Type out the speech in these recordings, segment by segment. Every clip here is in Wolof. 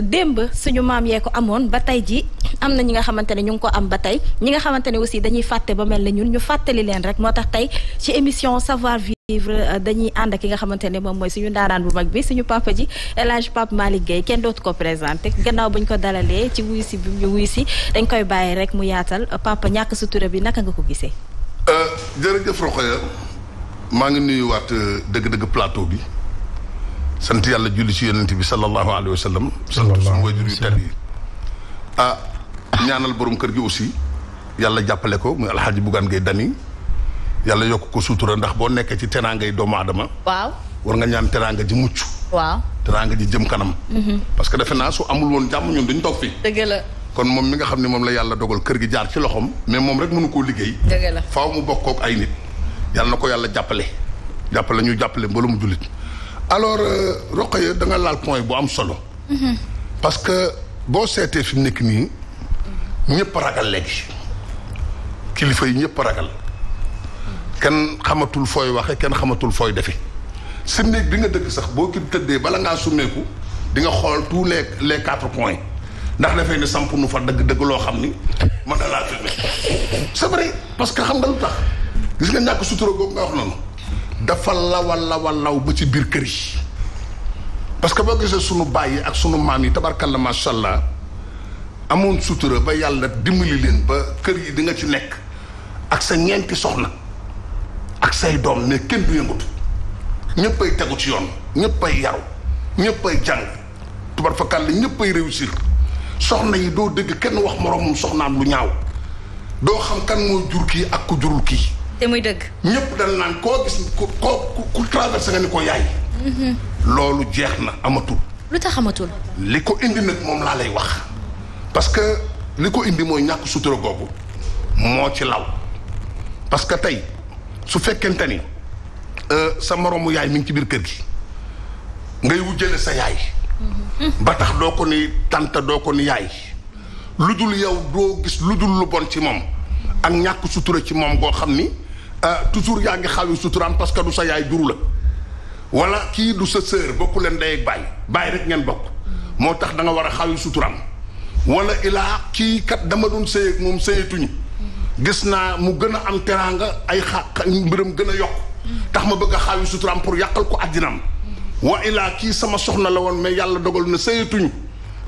démb suñu maam yee ko amoon ba tey ji am na ñi nga xamante ne ñu ngi ko am ba tey ñi nga xamante ne aussi dañuy fàtte ba mel ne ñun ñu fàttali leen rek moo tax tey ci émission savoir vivre euh, dañuy ànd ki nga xamante ne moom mooy suñu ndaanaan bu mag bi suñu papa ji El Hadj ma liggéey kenn dootu ko présenté gannaaw bu ñu ko dalalee ci wuyu si bi ñu wuyu si dañ koy bàyyi rek mu yaatal papa ñàkk sutura bi naka nga ko gisee. Euh, jërëjëf Rokhaya maa ngi nuyuwaat euh, dëgg-dëgg sant yàlla julli ci yonent bi sallallahu alayhi wa sallam. sant suñu waajur yu tedd ah ñaanal boroom kër gi aussi yàlla jàppale ko muy alxaaji Bougane Gueye Dany yàlla yokk ko suutura ndax boo nekkee ci teraangay doomu aadama. waaw war nga ñaan teraanga ji mucc. waaw teraanga ji jëm kanam. Mhm. parce que defe naa su amul woon jàmm ñun duñ toog fii. kon moom mi nga xam ne moom la yàlla dogal kër gi jaar ci loxoom. mais moom rek mënu koo liggéey. dëgg mu bokkook ay nit. yàlla na ko yàlla jàppale. jàppale ñu jàppale mbooloo mu jullit alors euh, Rokhaya da nga laal point bu am solo. Mhm. parce que boo seetee fi mu nekk nii ñëpp ragal léegi kilifa yi ñëpp ragal kenn xamatul fooy waxe kenn xamatul fooy defe si néeg bi nga dëkk sax boo ki tëddee bala ngaa summeeku di nga xool tout les les quatre point ndax dafay ne samp nu fa dëgg dëgg loo xam ni mën na laa filmé c'est vrai parce que xam nga lu tax gis nga ñàkk sutura boobu nga wax noonu. dafa lawal lawal law ba ci biir kër yi parce que boo gisee sunu baay yi ak sunu maam yi tabarkalla macha allah amoon sutura ba yàlla dimbali leen ba kër yi di nga ci nekk ak sa ñeenti soxna ak say doom ne kenn du yëngatu ñëpp ay tegu ci yoon ñëpp ay yaru ñëpp ay jàng tubar fa kàll ñëpp réussir soxna yi doo dëgg kenn wax moroomum soxnaam lu ñaaw doo xam kan mooy jur kii ak ku jurul kii. te muy dëgg. ñëpp dañ naan koo gis ko koo ku traversé nga ni ko yaay. Mhm. loolu jeex na amatul. lu tax amatul. li ko indi nag moom laa lay wax. parce que li ko indi mooy ñàkk sutura googu moo ci law parce que tey su fekkente ni euh, sa moroomu yaay mi ngi ci biir kër gi ngay wujjale sa yaay. Mhm. ba tax doo ko ni tante doo ko ni yaay lu dul yow doo gis lu dul lu bon ci moom ak ñàkk sutura ci moom goo xam ni. Euh, toujours yaa ngi xawi suturaam parce que du sa yaay juru la wala kii du sa sœur bokku leen ndey ak bàyyi baay rek ngeen bokk moo tax danga war a xawi suturaam wala ilaa kii kat dama doon sëy moom sëyatuñu gis naa mu gën a am teraanga ay xa mbiram gën a yokk tax ma bëgg a xawi suturaam pour yàqal ko àddinaam wa ilaa kii sama soxna la woon mais yàlla dogalu na sëyatuñu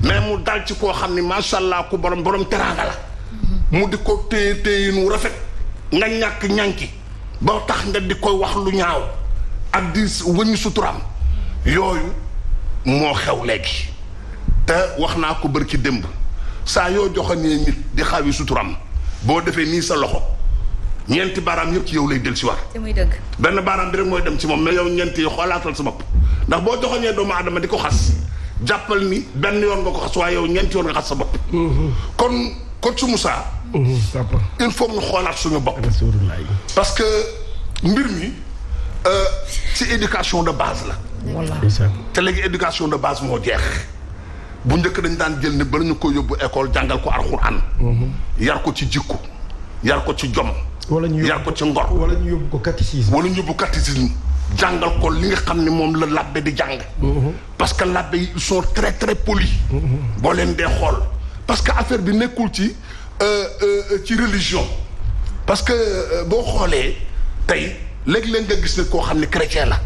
mais mu dal ci koo xam ni macha allah ku borom borom teraanga la mu di ko téye téye nu rafet nga ñàkk ñànki boo tax nga di koy wax lu ñaaw ak di wëñu suturaam yooyu moo xew léegi te wax naa ko bër ci démb saa yoo joxanee nit di xawi suturaam boo defee nii sa loxo ñeenti baaraam yëpp ci yow lay del si war benn baaraam bi rek mooy dem si moom mais yow ñeenti yi xoolaatal sa bopp ndax boo joxoñee doomu adama di ko xas jàppal ni benn yoon nga ko xas waaye yow ñeenti yoon nga xas sa bopp mm-hmm. kon coach Moussa il faut ñu xoolaat suñu bopp. parce que mbir mi euh, ci éducation de base la. voilà te léegi éducation de base moo jeex. bu njëkk dañ daan jël ne bala ñu ko yóbbu école jàngal ko alxuraan. Mhm. yar ko ci jikko yar ko ci jom. wala ñu yar ko ci ngor wala ñu yóbbu ko catéchisme. wala ñu yóbbu catéchisme jàngal ko li nga xam ni moom la labbe di jàng. Mhm. parce que labbe yi ils sont très très polis. Mhm. boo leen dee xool parce que affaire bi nekkul ci. Euh, euh, euh, ci religion parce que boo xoolee tey léeg-léeg nga gis ne koo xam ne chrétien la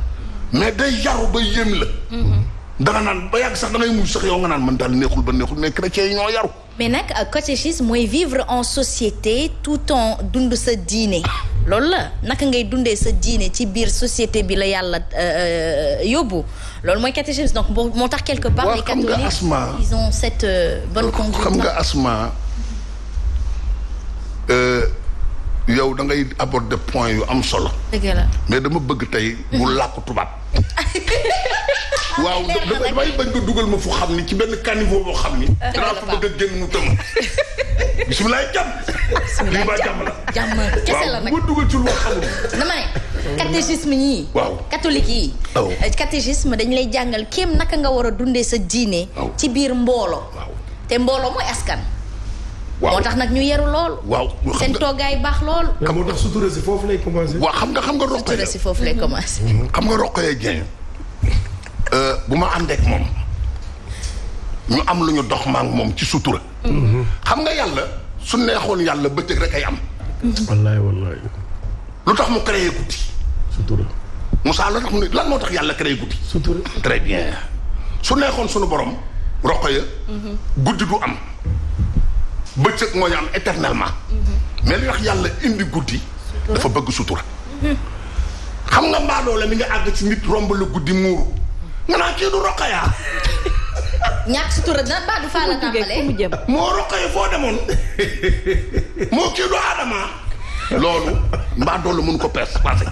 mais day yaru ba yéem la mm-hmm. danga naan ba yàgg sax dangay mujj sax yow nga naan man daal neexul ba neexul mais chrétien yi ñoo yaru mais nag catéchisme mooy vivre en société tout en dund sa diine loolu la naka ngay dundee sa diine ci biir société bi la yàlla yóbbu loolu mooy catéchisme donc moo tax quelque part les catholiques ils ont cette bonne conduite xam nga asma yow da ngay aborder point yu am solo. dëgg la dama bëgg tey. bu làkk tubaab. waaw damay damay bañ dugal ma fu xam ni ci benn caniveau boo xam ni. danaa fa bëgg a génn mu tëmm. bisimilah jàmm. bisimilah jàmm la jàmm kese la nag waaw bu ma dugal ci lu xamul. dama ne catéchisme yii. waaw catholique yii. waaw oh. euh, catéchisme dañ lay jàngal kéem naka nga war a dundee sa diine. Oh. ci biir mboolo. te mboolo mooy askan. waaw moo tax nag ñu yeru lool. waaw seen toggaay baax lool. xam moo tax sutura foofu lay commencé. waaw xam nga xam nga roqee sutura si foofu lay mm-hmm. commencé. Mm-hmm. xam nga roqee Dieng euh, bu ma ànd ak moom ñu am lu ñu dox ma moom ci sutura. Mm-hmm. xam nga yàlla su neexoon yàlla bëccëg rek ay am. wallaay wallaay. lu tax mu créé guddi. sutura. Moussa lu tax mu lan moo tax yàlla créé guddi. sutura très bien su neexoon sunu borom roqee. guddi du am. bëccëg moo ñu am éternellement. mais li wax yàlla indi guddi. dafa bëgg sutura. xam nga mbaadoo la mi nga àgg ci nit romb la guddi muuru. nga naa kii du roqaya. ñàkk sutura dina baadu faa la tàmbalee. moo roqaya foo demoon. moo kii du aadama. loolu mbaadoo la ko pees passé.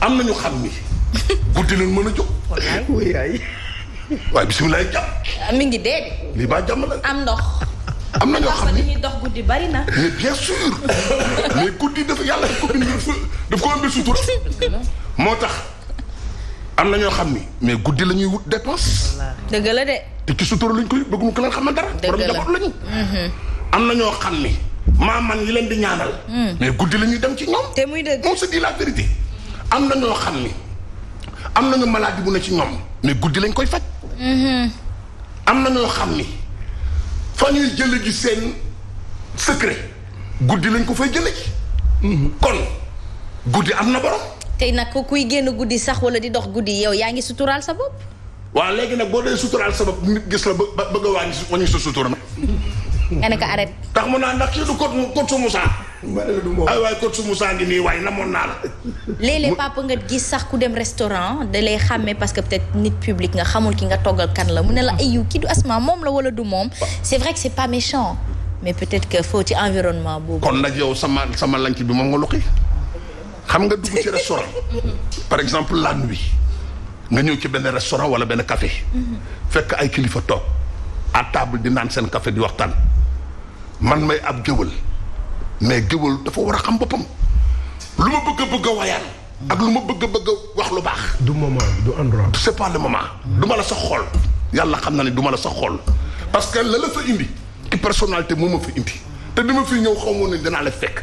am na ñu xam ni. guddi leen mën a jóg. wallaay waaye bisimilah jàmm. mi ngi dee. lii baa jàmm la. am ndox. am na ñoo xam ne dox guddi bari na. mais bien sûr mais guddi dafa yàlla daf ko moo tax am na ñoo xam ni mais guddi la ñuy wut dépense. dëgg la de. te ci sutura lañ koy bëgg mu ko leen xamal dara. dëgg la borom njaboot lañu. Mhm. am na ñoo xam ni maaman yi leen di ñaanal. Mhm. mais guddi la ñuy dem ci ñoom. te muy dëgg on se dit la vérité. am na ñoo xam ni am nañu maladie bu ne ci ñoom mais guddi lañ koy faj. Mhm. am na ñoo xam ni. fa ñuy jële ji seen secret guddi lañ ko fay jële ji kon guddi am na borom tey nag kuy génn guddi sax wala di dox guddi yow yaa ngi suturaal sa bopp waaw léegi nag boo dee suturaal sa bopp nit gis la ba bëgg a wàññi sa sutura nag nga ne ko arrêté tax mu naa ndax kii du kot su Moussa ay waay kot su Moussa ngi nii waay namoon naa la. léeg-léeg papa nga gis sax ku dem restaurant da lay xàmmee parce que peut nit public nga xamul ki nga toggal kan la mu ne la mm-hmm. ayu kii du asma moom la wala du moom. c'est vrai que c'est pas méchant. mais peut-être que foo ci environnement boobu. kon nag yow sama sama ci bi moom nga luqi xam nga dugg ci restaurant. par exemple la nuit nga ñëw ci benn restaurant wala benn café. Mm-hmm. fekk ay kilifa toog à table di naan seen café waxtaan man may ab géwël. mais géwal dafa war a xam boppam lu ma bëgg bëgg a wayaan ak lu ma bëgg a bëgg wax lu baax du ma moment du endroit c'est pas le moment du ma la sax xool yàlla xam na ne duma la sax xool parce que la la fa indi ci personnalité moom ma fa indi te bi ma fi ñëw xaw ma ne danaa la fekk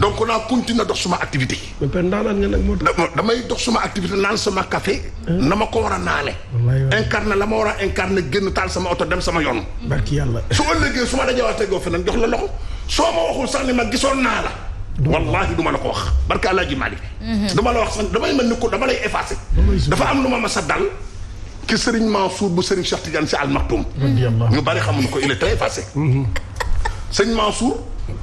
donc naa continuer dox suma activité damay dox suma activité naan sama café na ma ko war a naane na la ma war a incarné génn taal sama oto dem sama yoon barki yàlla su ëllëgee su ma dajawaatee goo feneen jox la loxo soo ma waxul sax ni ma gisoon naa la. wallahi du ma la ko wax barke Alaaji Maalik mhm. dama la wax sax damay mel ni ko dama lay effacé. dafa am lu ma mas a dal. ci Serigne Mansour bu Serigne Cheikh Tidiane si Al Maktoum. ñu bari xamuñu ko il est très effacé. Mhm. Serigne Mansour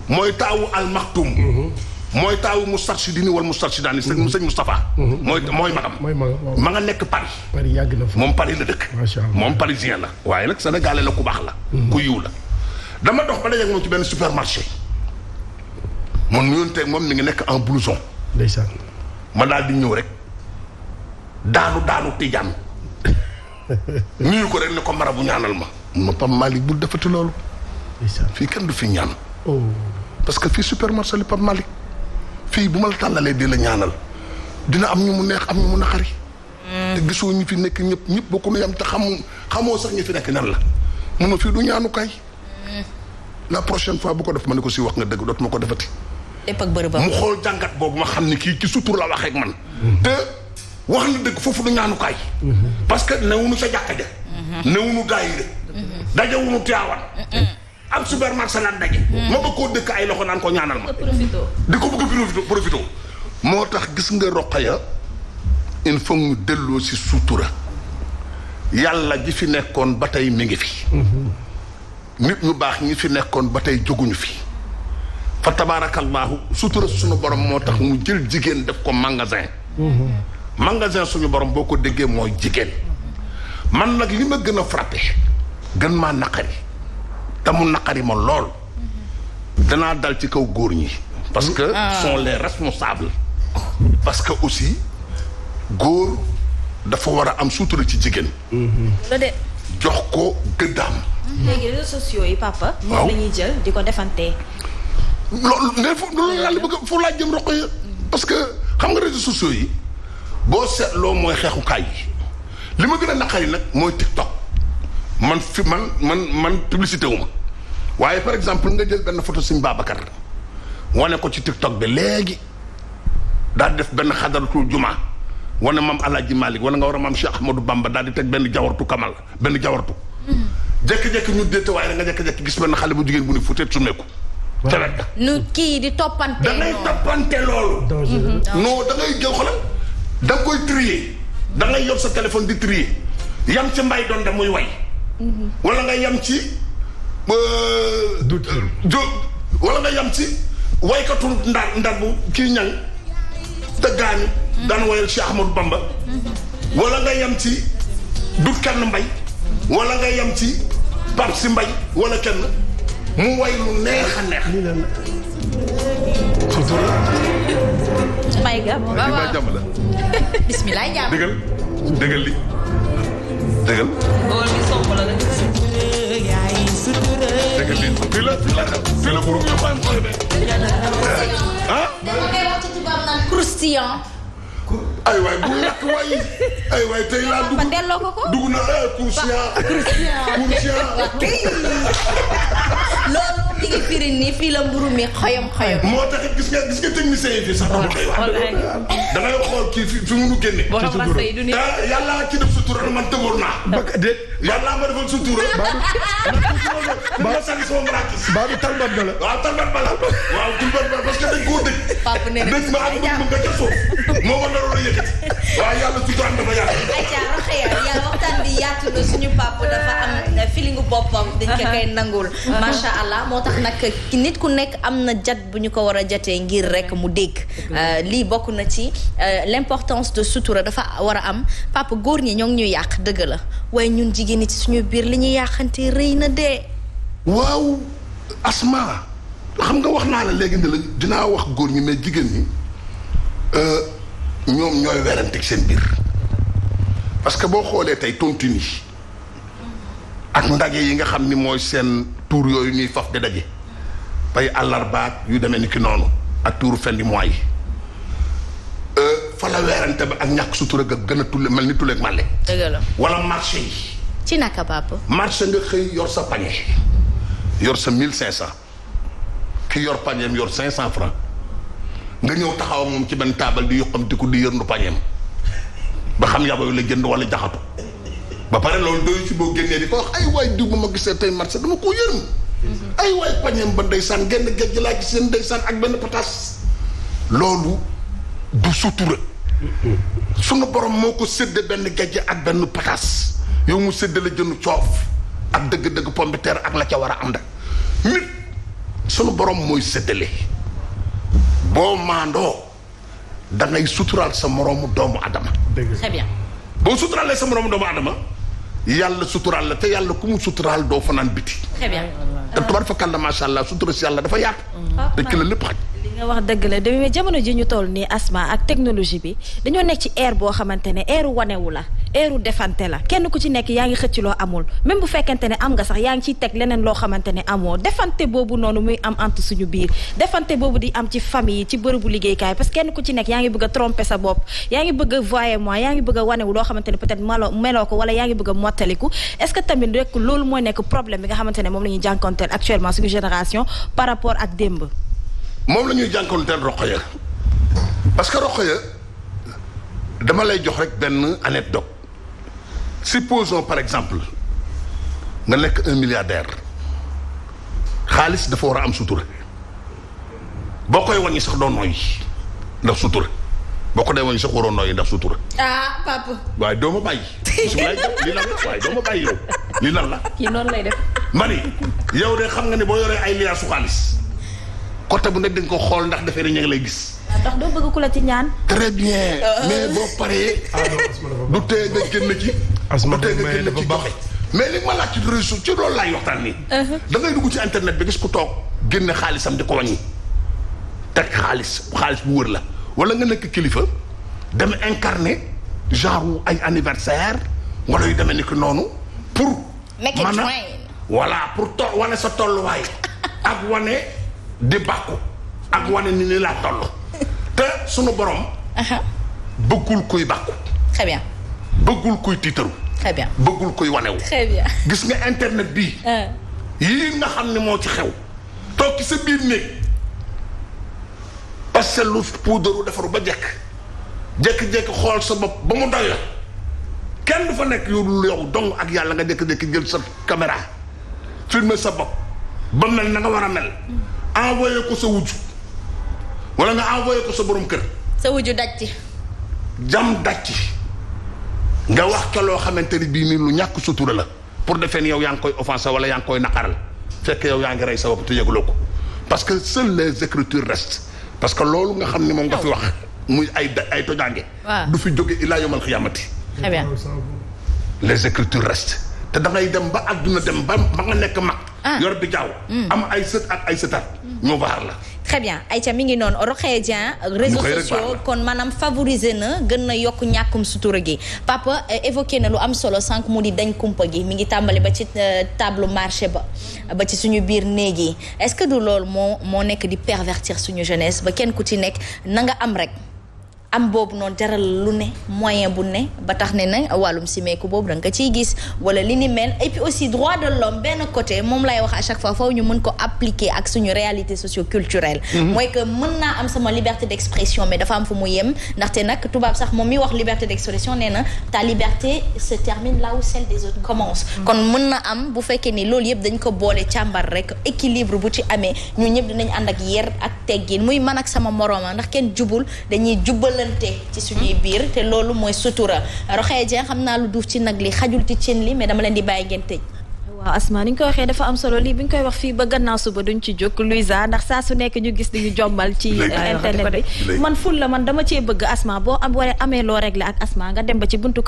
mooy taawu Al Maktoum. Mhm. mooy taawu Moustarchidine wala Moustarchidane sëñ sëñ Moustapha. mooy mooy magam. ma nga nekk Paris. Paris na fa moom Paris la dëkk. macha allah moom parisien la. waaye nag sénégalais la ku baax la. ku yiw la. dama dox ba dajeeg moom ci benn supermarché man nuyonteeg moom mi ngi nekk en blouson. ndeysaan ma daal di ñëw rek daanu daanu tijaan nuyu ko rek ne ko bu ñaanal ma. ma Pape Malick bul defati loolu. fii kenn du fi ñaan. Oh. parce que fii supermarché li Pape Malick fii bu ma la tàllalee di la ñaanal dina am ñu mu neex am ñu mu naqari. te gisoo ñu fi nekk ñëpp ñëpp bokku na yam te xamu xamoo sax ñu fi nekk nan la mun na fii du ñaanu kay. Eh. la prochaine fois bu ko def ma ne ko si wax nga dëgg dootuma ko defati. lépp ak bërëb mu xool jàngat boobu ma xam ne kii ci sutur la waxee ak man. te wax na dëgg foofu du ñaanukaay. parce que newuñu sa jàkka ja. newuñu gaa yi la. dajewuñu Tiwaawan. am supermarché naan daje. ma bëgg koo dëkk ay loxo naan ko ñaanal ma. di ko bëgg a moo tax gis nga roq il faut ñu delloo si sutura yàlla ji fi nekkoon ba tey mi ngi fi. nit ñu baax ñi fi nekkoon ba tey jóguñu fi fa tabaarakallaahu sutura suñu borom moo tax mu jël jigéen def ko magasin mm-hmm. magasin suñu borom boo ko déggee mooy jigéen man nag li ma gën a frappé gën maa naqari te naqari ma lool mm-hmm. danaa dal ci kaw góor ñi parce que ah. sont les responsables parce que aussi góor dafa war a am sutura ci jigéen mm-hmm. jox ko gëddaam léegi réseaux sociaux yi papa. waaw la jël di ko defantee. loolu mais foofu loolu laa bëgg foofu laa jëm roq ya parce que xam nga réseaux sociaux yi boo seetloo mooy xeexukaay yi li ma gën a naqari nag mooy TikTok man fi man man man publicité wu ma waaye par exemple nga jël benn photo Sëñ la wane ko ci TikTok bi léegi daal def benn xadaratul juma wane maam Alaaji Malik wala nga war a maam Cheikh Ahmadou Bamba daal di teg benn jawartu kamal benn jawartu mm-hmm. jékki-jékki ñu déet waaye nga jékki-jékki gis benn xale bu jigéen bu ne fu teet sumeeku. ca wet nu kii di toppante da ngay toppante loolu. Mhm. non da ngay jël xoolal da nga koy trier da ngay yor sa téléphone di trier yam ci mbay doon da muy way. Mhm. walla nga yam ci. Euh, dut jo wala nga yam ci waykatu ndar ndar bu mhm. daan woyal Cheikh Ahmadou Bamba wala nga yam ci dut kenn mbay wala nga yam ci Pape si mbay wala kenn mu way lu neex a neex. mbay ga waaw waaw jàmm la. bismillah jàmm dëggal dëggal li dëggal. loolu bi sopp la rek. dëggal li fii la fii la fii la kuréel yu bàyyi mu koy dee. ah. bu ma koy wax ci tubaab naan croustillant. ay waay bu lakk waay ay waay tey laa dugg. man delloo ko ko dugg na ah conscient. conscient loolu mi ngi firi ni fii la mburu mi xoyom xoyom. moo tax gis nga gis nga technicien yi fii sax dama koy wax. da ngay xool kii fi fi mu nu génne. boo xam rasta yi du ah, yàlla ci def sutura man tëboon naa. ba déet yàlla ma defal sutura. ba ma sànni sama marakis. baalu talbat ba la. waaw talbat ba la. waaw talbat ba parce que dañ koo dëj. papa nee na dëj ma ak bëgg nga ca suuf. moo war naroon a yëkkati waaye yàlla tuddaan dafa yàlla. ayca Rokhaya yàlla waxtaan bi yaatu na suñu papa dafa am eh, feelingu boppam. dañ ko koy nangul. macha allah moo tax nag nit ku nekk am na jat bu ñu ko war a jatee ngir rekk mu dégg. Eh, lii bokk na ci eh, l'importance de sutura dafa war a am papa góor ñi ñoo ngi ñuy yàq dëgg la waaye ñun jigéen ñi ci suñu biir li ñuy yàqante rëy na dee. waaw asma xam nga wax naa la léegi ne dinaa wax góor ñi mais jigéen ñi. ñoom ñooy weranteeg seen biir parce que boo xoolee tey tontine yi ak ndaje yi nga xam ni mooy seen tuur yooyu ñuy faf di daje bay àllarbaat yu demee ni ki noonu ak tour fen di mois yi euh, fa la weerante ba ak ñàkk sutura ga gën a tulle mel ni tulleeg màlle dëgg la wala marché yi ci naka papa marché nga xëy yor sa pañe yor sa mille cinq cent ki yor pañeem yor cinq cent francs nga ñëw taxaw moom ci ban taabal di yokkam di ko di yërndu pañeem ba xam yaba la jënd wala jaxatu ba pare loolu ci boo génnee di ko wax ay waay diw tey marché dama koo mm-hmm. ay waay pañeem ba ndeysaan genn géej laa gis seen ndeysaan ak benn pataas loolu du sutura mm-hmm. sunu borom moo ko sédde benn géej ak benn pataas yow mu sédde la jënd coof ak dëgg-dëgg pomme de terre ak la ca war a ànd nit sunu borom mooy séddale boo maandoo da ngay suturaal sa moroomu doomu adama très bien boo suturaalee sa moroomu doomu adama yàlla suturaal la te yàlla ku mu suturaal doo fanaan biti très bien te tubaar fakkal la macha allah sutura si yàlla dafa yaatu mm. li nga wax dëgg la demee jamono ji ñu toll nii asma ak technologie bi dañoo nekk ci air boo xamante ne air wanewu la eeru defante la kenn ku ci nekk yaa ngi xëcc loo amul même bu fekkente ne am nga sax yaa ngi ciy teg leneen loo xamante ne amoo defante boobu noonu muy am ant suñu biir defante boobu di am ci yi ci bërëbu liggéeykaay parce que kenn ku ci nekk yaa ngi bëgg a tromper sa bopp yaa ngi bëgg a voyer moi yaa ngi bëgg a wanewu loo xamante ne peut-être malo ko wala yaa ngi bëgg a mottaliku est-ce que tamit rek loolu mooy nekk problème bi nga xamante ne moom la ñuy jànkonteel actuellement suñu génération par rapport ak démb moom la ñuy jànkonteel Rokhaya parce que Rokhaya dama lay jox rek benn anecdote supposons par exemple nga lekk un milliardaire xaalis dafa war a am sutura boo koy wàññi sax doo nooy ndax sutura boo ko dee wàññi sax waroo nooy ndax sutura. ah papa. waaye doo ma bàyyi. li lan la la. kii noonu lay def. mani yow de xam nga ne boo yoree ay liyaa su xaalis côté bu nekk dañ ko xool ndax dafay ne ngi lay gis. Ah, ndax doo bëgg ku la ci ñaan. très bien euh. mais boo paree. Ah du tee nga génn ci. asma tey nga génn ci mais li ma laaj ci réseau ci loolu laay waxtaan nii. Uh-huh. da ngay dugg ci internet bi gis ku toog génn xaalisam di ko wàññi. teg xaalis xaalis bu wër la wala nga nekk kilifa dem incarné genre ay anniversaire wala yu deme ni ki noonu pour. maanaam voilà pour to wane sa tolluwaay ak wane di bàkku ak wane ni ni laa toll te sunu borom. Uh-huh. bëggul kuy bàkku. très bëggul kuy tiitaru. très bien bëggul koy wanewu. très bien gis nga internet bii. Ah. yii nga xam ne moo ci xew. toog ci sa biir néeg parce que lu puudaru defaru ba jekk jékki-jékki xool sa bopp ba mu doy la kenn fa nekk yow yow dong ak yàlla nga jékki-jékki jël sa caméra filmer sa bopp ba mel na nga war a mel. envoyé ko sa wujju wala nga envoyé ko sa borom kër. sa wujju daj ci. jam daj ci. nga wax ca loo xamante ni bii nii lu ñàkk sutura la pour defee ni yow yaa ngi koy offensé wala yaa ngi koy naqaral fekk yow yaa ngi rey sa bopp te yëguloo ko parce que seules les écritures restent parce que loolu nga xam ni moom nga fi wax muy ay ay tojaange du fi jóge ilaa yomal xiyaamati très bien les écritures restent te da dem ba àdduna dem ba ba nga nekk mag ah. yor bi jaaw hmm. am ay sët ak ay sëtaat hmm. ñu waar la très bien Aïcha mi ngi noonu Rokhaya Dieng réseaux sociaux kon maanaam favoriser na gën na yokk ñàkkum sutura gi papa eh, évoqué na lu am solo sànq mu di dañ kumpa gi mi ngi tàmbali ba ci eh, table marché ba ba ci suñu biir néeg yi est-ce que du loolu moo moo nekk di pervertir suñu jeunesse ba kenn ku ci nekk na nga am rek am boobu noonu jaral lu ne moyen bu ne ba tax ne na wàllum simeeku boobu da nga ko ciy gis wala li ni mel et aussi droit de l'homme benn côté moom lay wax à chaque fois foofu ñu mën ko appliquer ak suñu réalité socioculturelle mhm. mooy que mën naa am sama liberté d'expression mais dafa am fu mu yem ndaxte nag tubaab sax moom mi wax liberté d'expression nee na ta liberté se termine là où celle des autres commence mhm. kon mën na am bu fekkee ni loolu yëpp dañ ko boole càmbar rek équilibre bu ci amee ñu ñëpp dinañ ànd ak yer ak teggin muy man ak sama morooma ndax kenn jubul dañuy jubal dimbalante ci suñuy biir te loolu mooy sutura roxee jeen xam naa lu duuf ci nag li xajul ci cin li mais dama leen di bàyyi ngeen tëj waaw Asma ni ñu koy waxee dafa am solo lii bi ñu koy wax fii ba gannaaw suba duñ ci jóg Louisa ndax saa su nekk ñu gis dañu jombal ci euh, internet bi man ful la man dama cee bëgg Asma boo am waree amee loo réglé ak Asma nga dem ba ko li nga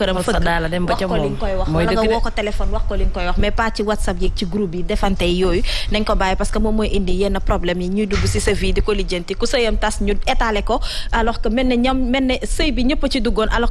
koy wax wala nga woo ko téléphone wax ko li nga koy wax mais pas ci whatsapp yeeg ci groupe yi defante yooyu nañ ko bàyyi parce que moom mooy indi yenn problème yi ñuy dugg si sa di ko lijjanti ku sëyam tas ñu étalé ko alors que mel ne ñam mel ne sëy bi ñëpp ci duggoon alors